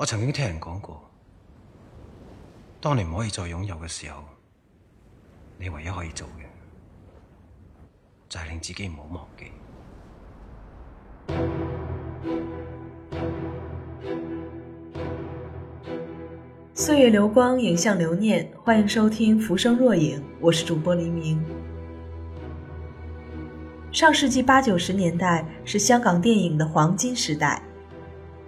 我曾經聽人講過，當你唔可以再擁有嘅時候，你唯一可以做嘅，就係令自己唔好忘記。歲月流光，影像留念，歡迎收聽《浮生若影》，我是主播黎明。上世紀八九十年代是香港電影嘅黃金時代。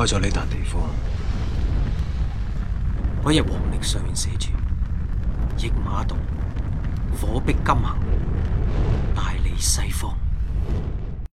開在呢笪地方，嗰日黃曆上面寫住驛馬道火逼金行，大利西方。